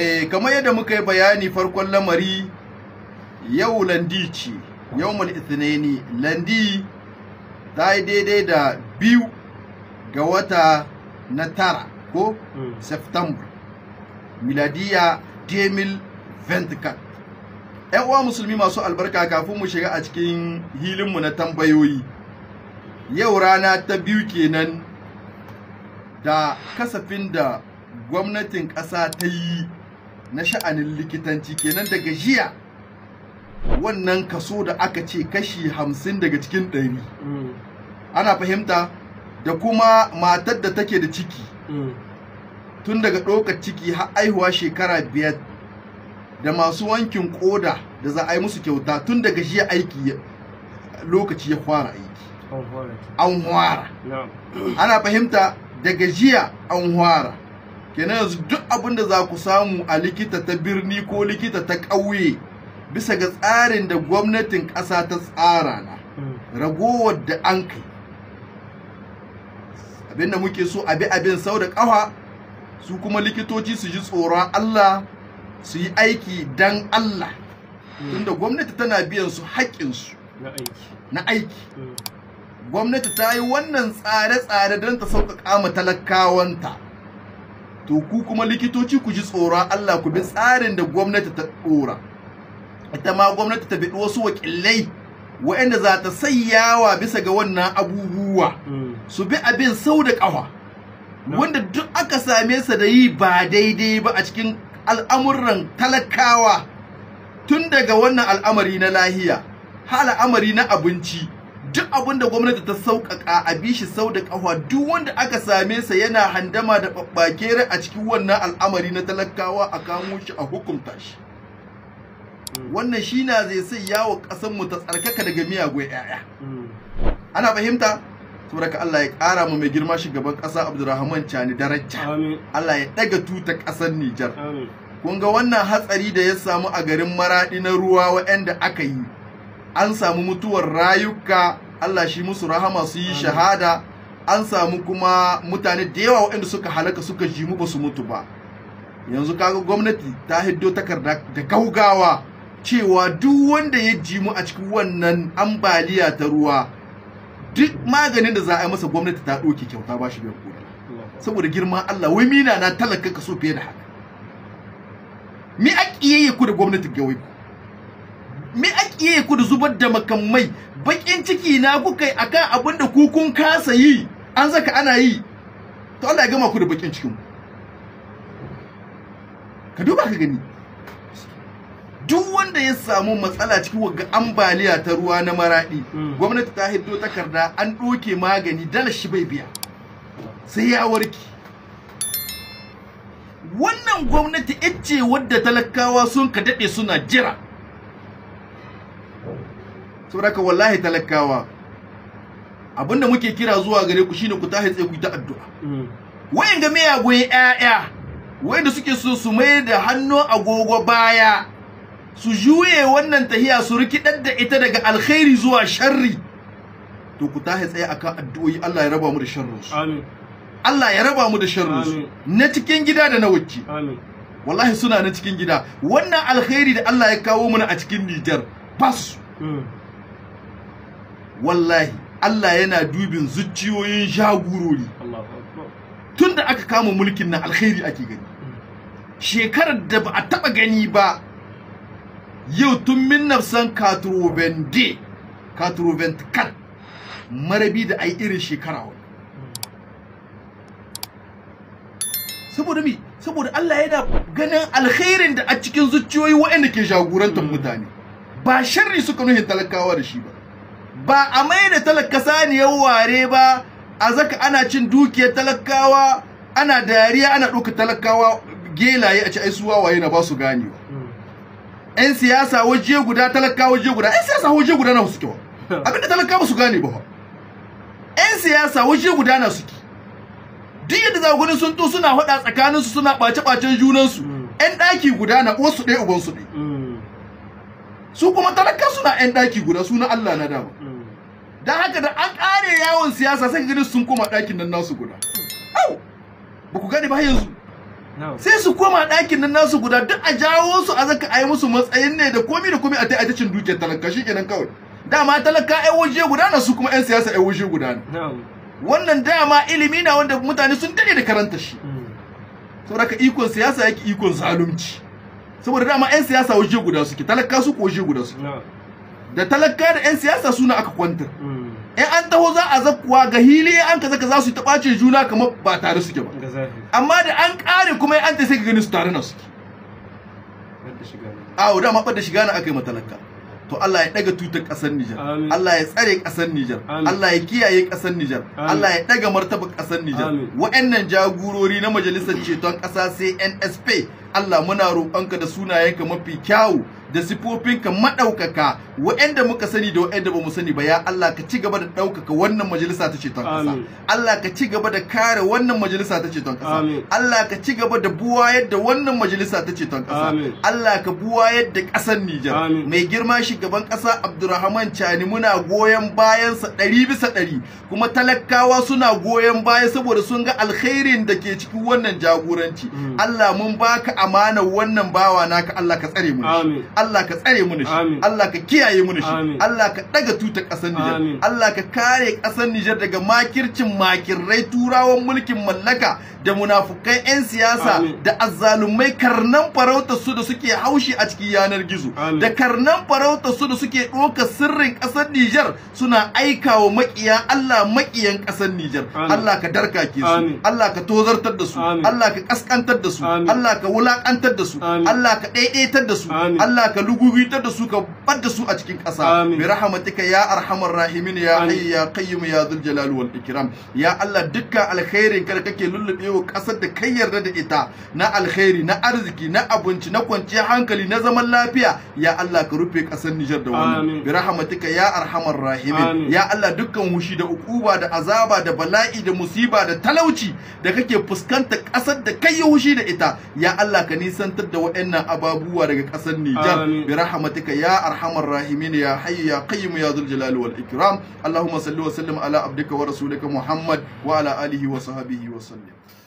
eh kamar yadda muka yi bayani farkon lamari yau landi ce yau yawmul itsinaini landi ta yi daidai da biyu ga wata na tara ko hmm. september miladiya 2024 ƴan uwa musulmi masu albarka kafin mu shiga a cikin hilin mu na tambayoyi yau rana ta biyu kenan da kasafin da gwamnatin ƙasa ta yi na sha'anin likitanci kenan daga jiya wannan kaso da aka ce kashi hamsin daga cikin ɗari ana fahimta da kuma matar da take da ciki tun daga ɗaukar ciki har aihuwa shekara biyar da masu wankin ƙoda da za a yi musu kyauta tun daga jiya aiki lokaci ya fara aiki an hwara ana fahimta daga jiya an hwara kenan yanzu duk abin da za ku samu a likita ta birni ko likita ta ƙauye bisa ga tsarin da gwamnatin ƙasa ta tsara na hmm. ragowar da an kai abinda muke so abi abin sau da ƙawa su kuma likitoci su ji tsoron Allah su yi aiki dan Allah hmm. tunda gwamnati tana biyan su haƙƙinsu na aiki hmm. gwamnati ta yi wannan tsare-tsare don ta sauƙaƙa ma talakawanta to ku kuma likitoci ku ji tsoron Allah ku bi tsarin da gwamnati ta dora ita ma gwamnati ta bi wasu wakilai waɗanda za ta sayyawa bisa ga wannan abubuwa hmm. su bi abin sau da ƙafa wanda duk aka same sa da yi ba daidai ba a cikin al'amuran talakawa tun daga wannan al'amari na lahiya har al'amari na abinci duk abin da gwamnati ta sauƙaƙa a bi shi sau da ƙafa duk wanda aka same sa yana handama da babbakere a cikin wannan al'amari na talakawa a kamo shi a hukunta shi hmm. wannan shi na zai sai yawo mu ta tsarkaka daga miyagun 'ya'ya hmm. ana fahimta saboda Allah ya ƙara mu mai girma shugaban ƙasa Abdulrahman Chani daraja Allah ya ɗaga tuta ƙasar Nijar kun ga wannan hatsari da ya samu a garin maraɗi na ruwa waɗanda aka yi an samu mutuwar rayuka Allah shi musu rahama su yi shahada an samu kuma mutane da yawa waɗanda suka halaka suka jimu ba su mutu ba yanzu kaga gwamnati ta hiddo takarda da gaugawa cewa duk wanda ya jimu a cikin wannan ambaliya ta ruwa duk maganin da za a yi masa gwamnati ta ɗauke kyauta ba shi biyan saboda girman Allah wai mina na talaka ka so fiye da haka mi a ku da gwamnati wai ku me ake ku da zubar da makamai bakin ciki na kuka yi akan abin da ku kun kasa yi an zaka ana yi to Allah ya gama ku da bakin cikin ka duba ka gani duk wanda ya samu matsala cikin wagga ambaliya ta ruwa na maradi hmm. gwamnati ta hiddo takarda an doke magani dala shi bai biya sai ya warke wannan gwamnati ice ce wadda talakawa sun ka daɗe suna jira saboda wallahi talakawa abinda muke kira zuwa gare ku shine ku tahi tsaye ku ta addu'a mm. wayan ga me goyi ƴaƴa wayanda suke so su mai da hannu agogo baya su juye wannan tahiya su rikidar da ita daga alkhairi zuwa sharri to ku tahi tsaye akan addu'o'i Allah ya raba mu da sharrin su amin Allah ya raba mu da sharrin su na cikin gida da na waje amin wallahi suna na cikin gida wannan alkhairi da Allah ya kawo mana a cikin Nijar bas mm. wallahi Allah yana dubin zuciyoyin jagurori tun da aka kama mulkin na alkhairi ake gani shekarar da ba a taba gani ba yau tun min nafsan katrovende kat marabi da ai irin shekara wani saboda mi saboda Allah yana ganin alkhairin da a cikin zuciyoyi waɗanda ke jagorantar mutane ba sharri suka nuhin talakawa da shi ba ba a mai da talaka saniyar ware ba a zaka ana cin dukiyar talakawa ana dariya ana ɗauka talakawa gelaye a ci ai suwa waye na ba su ba. yan siyasa waje guda talakawa waje guda yan siyasa waje guda na suke wa abinda talakawa su gane ba yan siyasa waje guda na suke duk yadda za gudun sun to suna haɗa su suna ɓace-ɓacen junansu mm. yan ɗaki guda na uwarsu ɗaya ubansu ɗaya mm. su kuma talakawa suna yan ɗaki guda suna Allah na dama da haka da an kare yawon siyasa sai gidan sun koma ɗakin nan nasu guda au ba gani ba yanzu sai su koma ɗakin nan nasu guda duk a jawo su a zaka ai musu matsayin ne da komi da komi a tai cin dukiyar talaka shi kenan kawai dama talaka ai waje guda na su kuma yan siyasa ai waje guda ne wannan dama ilimi na wanda mutane sun dade da karanta shi mm. saboda ka ikon siyasa yake ikon zalunci saboda dama yan siyasa waje guda suke talaka su ko waje guda suke da talaka da 'yan siyasa suna aka kwantar in an taho za a zakuwa ga hili an ka zaka za su ta juna kamar ba tare suke ba amma da an ƙare kuma an ta sai ka gani su tare na suke awo da ma ɓadda shiga na aka yi matalaka to Allah ya daga tutar ƙasar Nijar Allah ya tsare ƙasar Nijar Allah ya kiyaye ƙasar Nijar Allah ya daga martaba ƙasar Nijar wa'annan jagorori na majalisar ceton ƙasa sai NSP Allah muna roƙonka da sunayenka mafi kyawu da sifofinka maɗaukaka waɗanda muka sani da waɗanda bamu sani ba ya Allah ka ci gaba da ɗaukaka wannan majalisa ta ceton ƙasa Allah ka ci gaba da kare wannan majalisa ta ceton ƙasa Allah ka ci gaba da buwa yadda wannan majalisa ta ceton ƙasa Allah ka buwa yadda ƙasar Nijar mai girma shugaban ƙasa Abdulrahman Chani muna goyon sa ɗari bisa ɗari kuma talakawa suna goyon baya saboda sun ga alkhairin da ke cikin wannan jagoranci hmm. Allah mun baka amana wannan bawa naka Allah ka tsare mu Allah ka tsare mu shi Allah ka kiyaye mu shi Allah ka daga tuta kasar Niger Allah ka kare kasar nijar daga makircin makirrai turawan mulkin mallaka da munafukai 'yan siyasa da azzalumai karnan farauta su da suke haushi a cikin yanar gizo da karnan farauta su da suke doka sirrin ƙasar Nijar suna aika wa maƙiya Allah maƙiyan ƙasar Nijar Allah ka darka ke su Allah ka tozartar da su Allah ka kaskantar da su Allah ka wulakantar da su Allah ka ɗaiɗaitar da su Allah Allah ka da su ka bar su a cikin ƙasa bi rahmatika ya arhamar rahimin ya hayy ya qayyim ya dhul jalal wal ikram ya Allah dukkan alkhairin ka kake lullube wa kasar da kai yarda da ita na alkhairi na arziki na abinci na kwanciyar hankali na zaman lafiya ya Allah ka rufe kasar Nijar da wannan bi rahmatika ya arhamar rahimin ya Allah dukkan hushi da ukuba da azaba da bala'i da musiba da talauci da kake fuskanta kasar da kai hushi da ita ya Allah ka nisantar da waɗannan ababuwa daga ƙasar Nijar bi rahmatika ya arhamar rahimina ya hayyu ya qayyim ya dhul jalali wal ikram allahumma salli wa sallim ala abdika wa rasuluka muhammad wa ala alihi wa sahbihi wa sallim